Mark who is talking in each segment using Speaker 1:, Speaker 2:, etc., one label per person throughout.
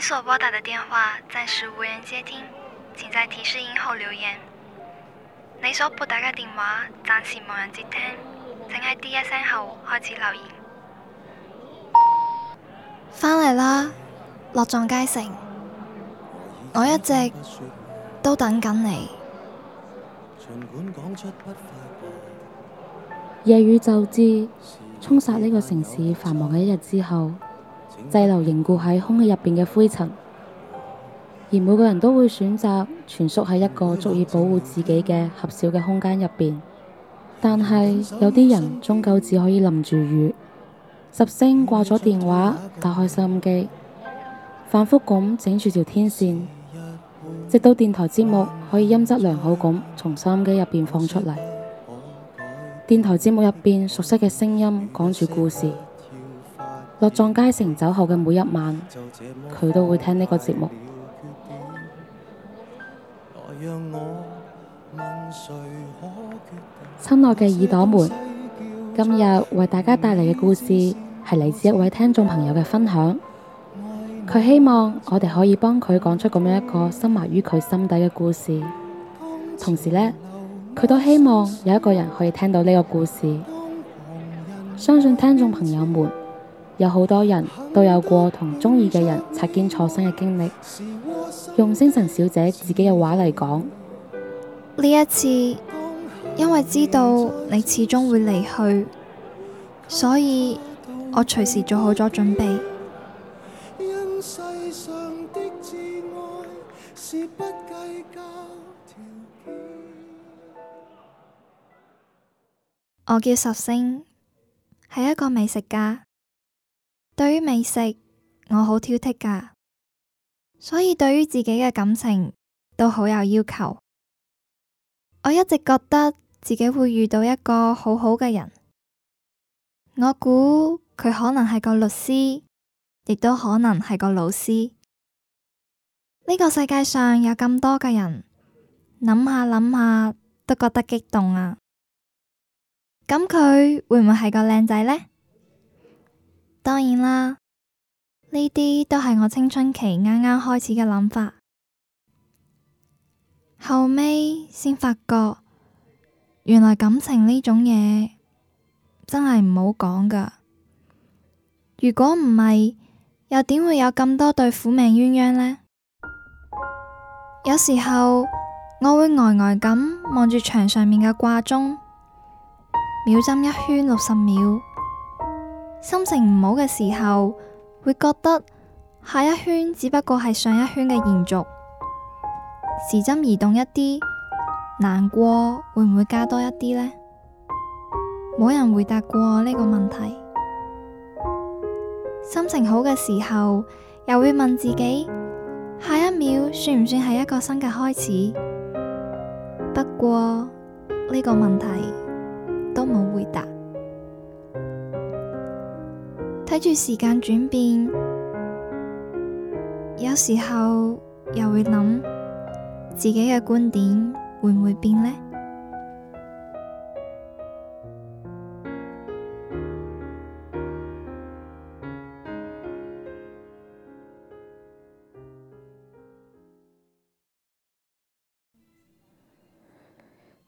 Speaker 1: 你所撥打的電話暫時無人接聽，請在提示音後留言。你所撥打嘅電話暫時無人接聽，請喺滴一聲後開始留言。翻嚟啦，樂壯街城，我一直都等緊你。
Speaker 2: 夜雨就至，衝殺呢個城市繁忙嘅一日之後，滯留凝固喺空氣入邊嘅灰塵，而每個人都會選擇蜷縮喺一個足以保護自己嘅狹小嘅空間入邊。但係有啲人終究只可以淋住雨。十聲掛咗電話，打開收音機，反覆咁整住條天線，直到電台節目可以音質良好咁從收音機入邊放出嚟。電台節目入邊熟悉嘅聲音講住故事。落葬街城走後嘅每一晚，佢都會聽呢個節目。 親愛嘅耳朵們，今日為大家帶嚟嘅故事係嚟自一位聽眾朋友嘅分享。佢希望我哋可以幫佢講出咁樣一個深埋於佢心底嘅故事。同時呢，佢都希望有一個人可以聽到呢個故事。相信聽眾朋友們。有好多人都有過同鍾意嘅人擦肩錯身嘅經歷。用星晨小姐自己嘅話嚟講，呢一次
Speaker 1: 因為知道你始終會離去，所以我隨時做好咗準備。
Speaker 2: 我叫十
Speaker 1: 星，係一個美食家。對於美食，我好挑剔噶，所以對於自己嘅感情都好有要求。我一直覺得自己會遇到一個好好嘅人，我估佢可能係個律師，亦都可能係個老師。呢個世界上有咁多嘅人，諗下諗下都覺得激動啊！咁佢會唔會係個靚仔呢？當然啦，呢啲都係我青春期啱啱開始嘅諗法，後尾先發覺，原來感情呢種嘢真係唔好講噶。如果唔係，又點會有咁多對苦命鴛鴦呢？有時候我會呆呆咁望住牆上面嘅掛鐘，秒針一圈六十秒。心情唔好嘅時候，會覺得下一圈只不過係上一圈嘅延續。時針移動一啲，難過會唔會加多一啲呢？冇人回答過呢個問題。心情好嘅時候，又會問自己下一秒算唔算係一個新嘅開始？不過呢個問題都冇回答。睇住時間轉變，有時候又會諗自己嘅觀點會唔會變呢？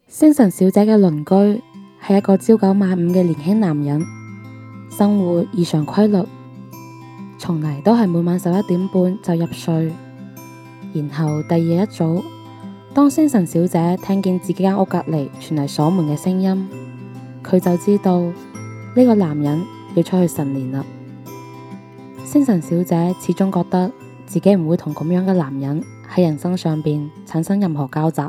Speaker 2: 星神小姐嘅鄰居係一個朝九晚五嘅年輕男人。生活異常規律，從嚟都係每晚十一點半就入睡。然後第二日一早，當星辰小姐聽見自己間屋隔籬傳嚟鎖門嘅聲音，佢就知道呢、呢個男人要出去晨練啦。星辰小姐始終覺得自己唔會同咁樣嘅男人喺人生上邊產生任何交集。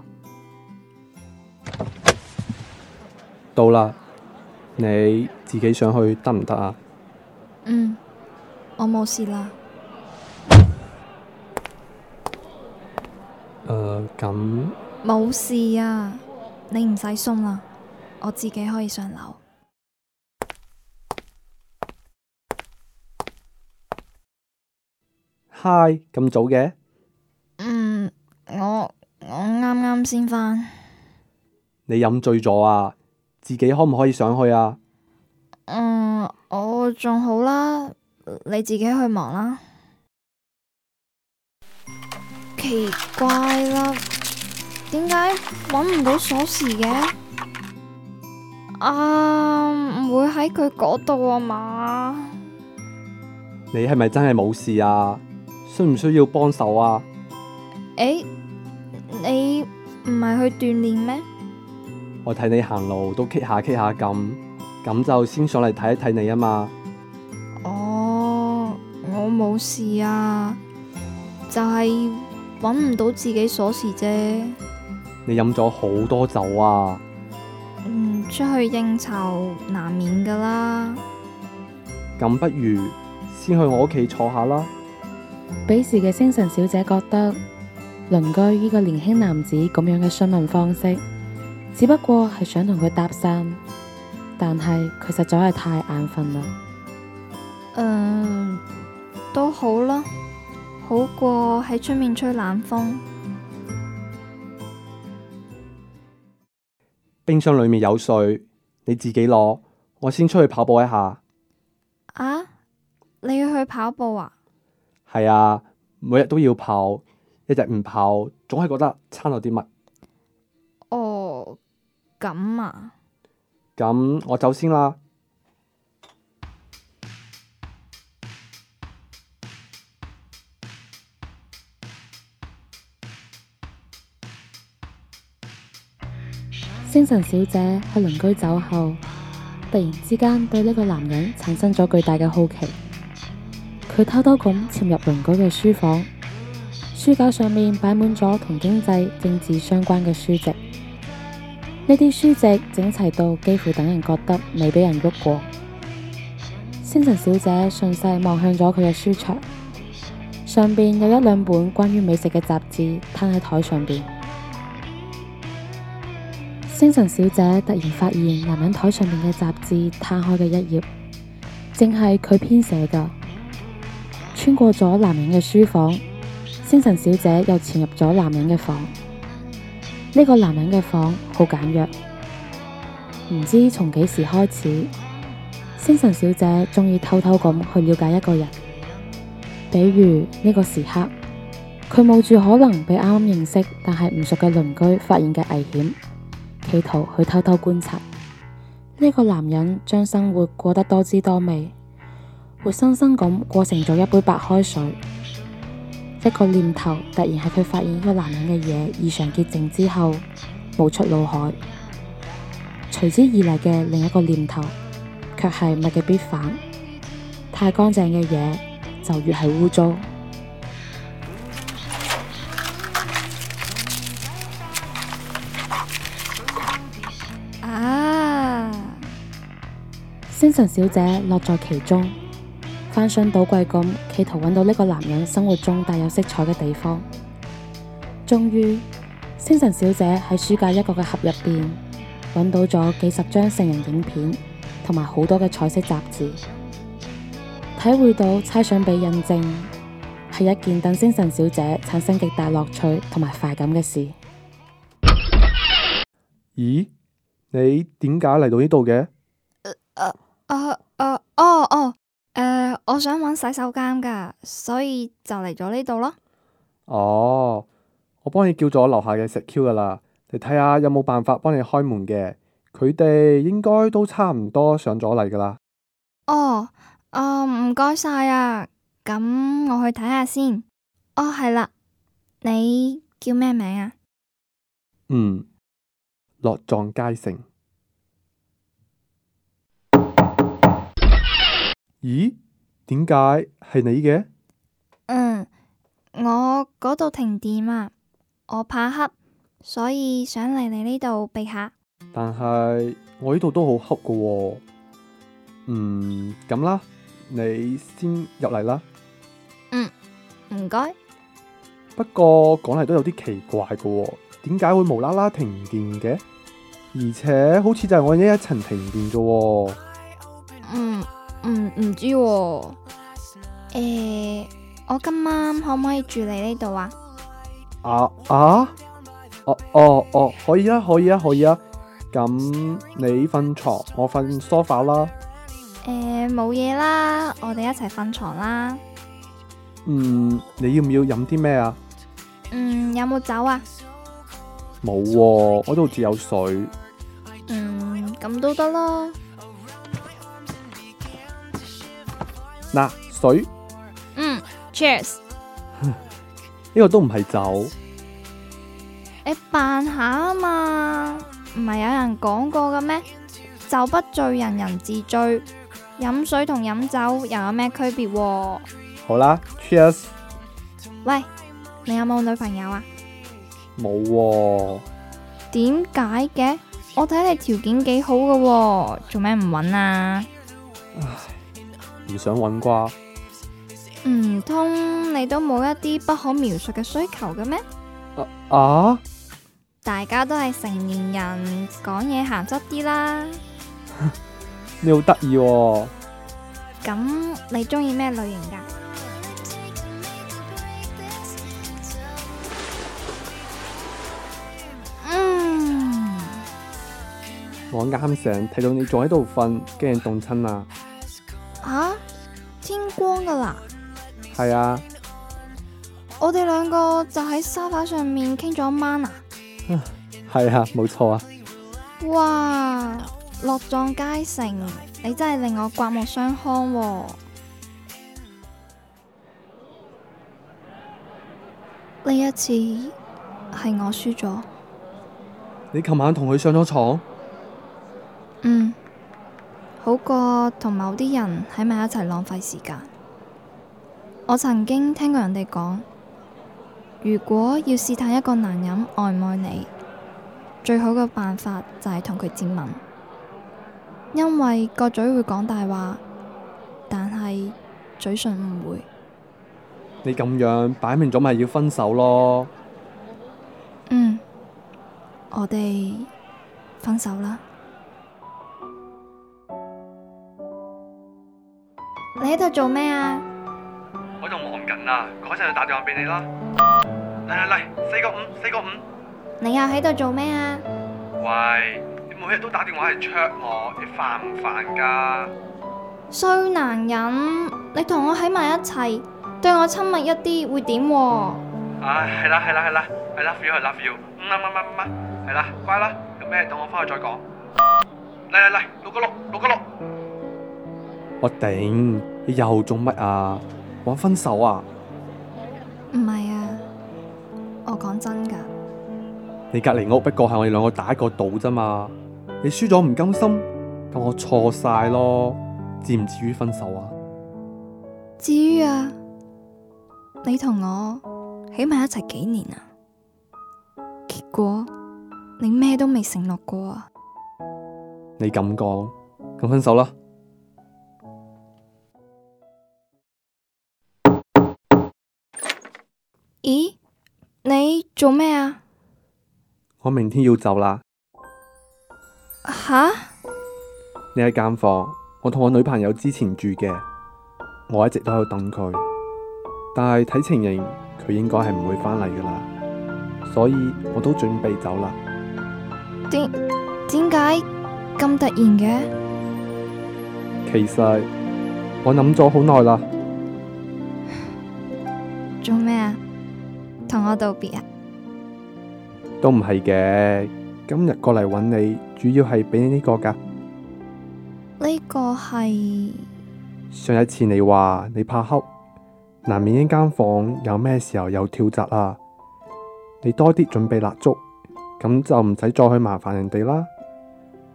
Speaker 3: 到啦。你自己上去得唔得啊？
Speaker 1: 嗯，我冇事啦。
Speaker 3: 誒、呃，咁
Speaker 1: 冇事啊，你唔使送啦，我自己可以上樓。
Speaker 3: 嗨，咁早嘅？
Speaker 1: 嗯，我我啱啱先返。
Speaker 3: 你飲醉咗啊？自己可唔可以上去啊？
Speaker 1: 嗯，我仲好啦，你自己去忙啦。奇怪啦，點解搵唔到鎖匙嘅？啊，唔會喺佢嗰度啊嘛？
Speaker 3: 你係咪真係冇事啊？需唔需要幫手啊？
Speaker 1: 誒、欸，你唔係去鍛煉咩？
Speaker 3: 我睇你行路都 K 下 K 下咁，咁就先上嚟睇一睇你啊嘛。
Speaker 1: 哦，oh，我冇事啊，就係搵唔到自己鎖匙啫。
Speaker 3: 你飲咗好多酒啊？
Speaker 1: 嗯，出去應酬難免㗎啦。
Speaker 3: 咁、嗯、不如先去我屋企坐下啦。
Speaker 2: 彼時嘅星辰小姐覺得，鄰居呢個年輕男子咁樣嘅詢問方式，只不過係想同佢搭訕，但係佢實在係太眼瞓啦。嗯、
Speaker 1: 呃，都好咯，好過喺出面吹冷風。
Speaker 3: 冰箱裏面有水，你自己攞。我先出去跑步一下。
Speaker 1: 啊？你要去跑步啊？
Speaker 3: 係啊，每日都要跑，一日唔跑，總係覺得差咗啲乜。咁啊！咁、嗯、我先走先啦。
Speaker 2: 星辰小姐喺鄰居走後，突然之間對呢個男人產生咗巨大嘅好奇。佢偷偷咁潛入鄰居嘅書房，書架上面擺滿咗同經濟、政治相關嘅書籍。呢啲書籍整齊到幾乎等人覺得未俾人喐過。星辰小姐順勢望向咗佢嘅書桌，上邊有一兩本關於美食嘅雜誌攤喺台上邊。星辰小姐突然發現男人台上面嘅雜誌攤開嘅一頁，正係佢編寫嘅。穿過咗男人嘅書房，星辰小姐又潛入咗男人嘅房。呢個男人嘅房好簡約，唔知從幾時開始，星辰小姐鍾意偷偷咁去了解一個人。比如呢個時刻，佢冒住可能被啱啱認識但係唔熟嘅鄰居發現嘅危險，企圖去偷偷觀察。呢個男人將生活過得多姿多味，活生生咁過成咗一杯白開水。一個念頭突然喺佢發現呢個男人嘅嘢異常潔淨之後冒出腦海，隨之而嚟嘅另一個念頭，卻係物極必反，太乾淨嘅嘢就越係污糟。啊！星辰小姐樂在其中。翻箱倒櫃咁，企圖揾到呢個男人生活中帶有色彩嘅地方。終於，星塵小姐喺書架一個嘅盒入邊揾到咗幾十張成人影片，同埋好多嘅彩色雜誌。體會到猜想被印證，係一件等星塵小姐產生極大樂趣同埋快感嘅事。
Speaker 3: 咦？你點解嚟到呢度嘅
Speaker 2: ？Uh, uh, uh, uh,
Speaker 1: uh. 我想揾洗手間噶，所以就嚟咗呢度咯。
Speaker 3: 哦，我幫你叫咗樓下嘅石 Q 噶啦，你睇下有冇辦法幫你開門嘅？佢哋應該都差唔多上咗嚟噶啦。
Speaker 1: 哦，啊唔該晒啊，咁我去睇下先。哦，係啦，你叫咩名啊？
Speaker 3: 嗯，樂壯佳成。咦？點解係你嘅？
Speaker 1: 嗯，我嗰度停電啊，我怕黑，所以想嚟你呢度避下。
Speaker 3: 但係我呢度都好黑噶，嗯，咁啦，你先入嚟啦。
Speaker 1: 嗯，唔該。
Speaker 3: 不過講嚟都有啲奇怪噶喎，點解會無啦啦停電嘅？而且好似就係我呢一層停電噶。.
Speaker 1: 唔唔、嗯、知、啊，誒、欸，我今晚可唔可以住你呢度啊？
Speaker 3: 啊啊，哦哦哦，可以啊，可以啊，可以啊。咁、嗯、你瞓床，我瞓梳化啦。
Speaker 1: 誒、欸，冇嘢啦，我哋一齊瞓床啦。
Speaker 3: 嗯，你要唔要飲啲咩啊？
Speaker 1: 嗯，有冇酒啊？
Speaker 3: 冇喎，我度只有水。
Speaker 1: 嗯，咁都得啦。
Speaker 3: 嗱，水，
Speaker 1: 嗯，Cheers，
Speaker 3: 呢 個都唔係酒，
Speaker 1: 你扮下啊嘛，唔係有人講過嘅咩？酒不醉人人自醉，飲水同飲酒又有咩區別啊？
Speaker 3: 好啦 ，Cheers，
Speaker 1: 喂，你有冇女朋友啊？
Speaker 3: 冇，
Speaker 1: 點解嘅？我睇你條件幾好噶，做咩唔搵啊？
Speaker 3: 唔想揾啩？
Speaker 1: 唔通你都冇一啲不可描述嘅需求嘅咩、
Speaker 3: 啊？啊！
Speaker 1: 大家都係成年人，講嘢鹹濕啲啦。
Speaker 3: 你好得意喎！
Speaker 1: 咁你中意咩類型噶？
Speaker 2: 嗯，
Speaker 3: 我啱醒睇到你仲喺度瞓，驚凍親啊！係啊，
Speaker 1: 我哋兩個就喺沙發上面傾咗一晚啊！
Speaker 3: 係啊，冇錯啊！
Speaker 1: 哇，落葬街城，你真係令我刮目相看喎，哦！呢一次係我輸咗。
Speaker 3: 你琴晚同佢上咗床？
Speaker 1: 嗯，好過同某啲人喺埋一齊浪費時間。我曾經聽過人哋講，如果要試探一個男人愛唔愛你，最好嘅辦法就係同佢接吻，因為個嘴會講大話，但係嘴唇唔會。
Speaker 3: 你咁樣擺明咗，咪要分手咯？
Speaker 1: 嗯，我哋分手啦。你喺度做咩啊？
Speaker 3: 緊啦，嗰陣就打電話俾你啦。嚟嚟嚟，四個五，四個五。
Speaker 1: 你又喺度做咩啊？
Speaker 3: 喂，你每日都打電話嚟 check 我，你煩唔煩噶？
Speaker 1: 衰男人，你同我喺埋一齊，對我親密一啲會點？唉，
Speaker 3: 係啦係啦係啦，係 love you 係 love you，嗯，乜乜乜，係啦，乖啦，有咩等我翻去再講。嚟嚟嚟，六個六，六個六。我頂，你又做乜啊？講分手啊？
Speaker 1: 唔係啊，我講真噶。
Speaker 3: 你隔籬屋不過係我哋兩個打一個賭啫嘛。你輸咗唔甘心，咁我錯晒咯，至唔至於分手啊？
Speaker 1: 至於啊，你同我起碼一齊幾年啊？結果你咩都未承諾過啊？
Speaker 3: 你咁講，咁分手啦！
Speaker 1: 你做咩啊？
Speaker 3: 我明天要走啦。
Speaker 1: 吓？
Speaker 3: 你喺間房，我同我女朋友之前住嘅，我一直都喺度等佢，但係睇情形，佢應該係唔會翻嚟噶啦，所以我都準備走啦。
Speaker 1: 點點解咁突然嘅？
Speaker 3: 其實我諗咗好耐啦。
Speaker 1: 做咩啊？同我道別啊！
Speaker 3: 都唔係嘅，今日過嚟揾你，主要係俾你呢個噶。
Speaker 1: 呢個係
Speaker 3: 上一次你話你怕黑，難免呢間房有咩時候又跳閘啦，啊。你多啲準備蠟燭，咁就唔使再去麻煩人哋啦。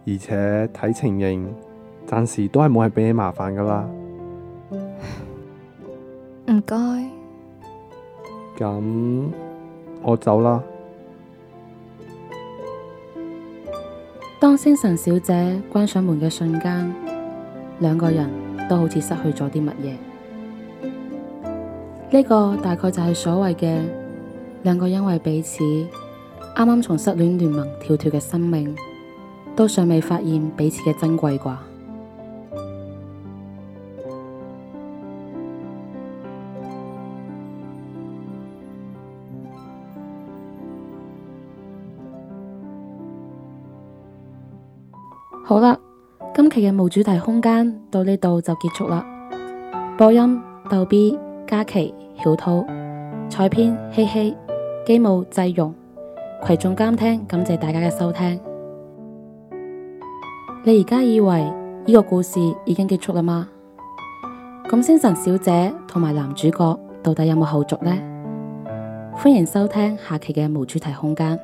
Speaker 3: 而且睇情形，暫時都係冇人俾你麻煩噶啦。
Speaker 1: 唔該。
Speaker 3: 咁、嗯、我走啦。
Speaker 2: 當星神小姐關上門嘅瞬間，兩個人都好似失去咗啲乜嘢。呢、這個大概就係所謂嘅兩個因為彼此啱啱從失戀聯盟跳脱嘅生命，都尚未發現彼此嘅珍貴啩。好啦，今期嘅無主題空間到呢度就結束啦。播音逗逼、嘉琪、曉濤、採編希希、機務、濟榕，攰眾監聽，感謝大家嘅收聽。你而家以為呢個故事已經結束啦嗎？咁星神小姐同埋男主角到底有冇後續呢？歡迎收聽下期嘅無主題空間。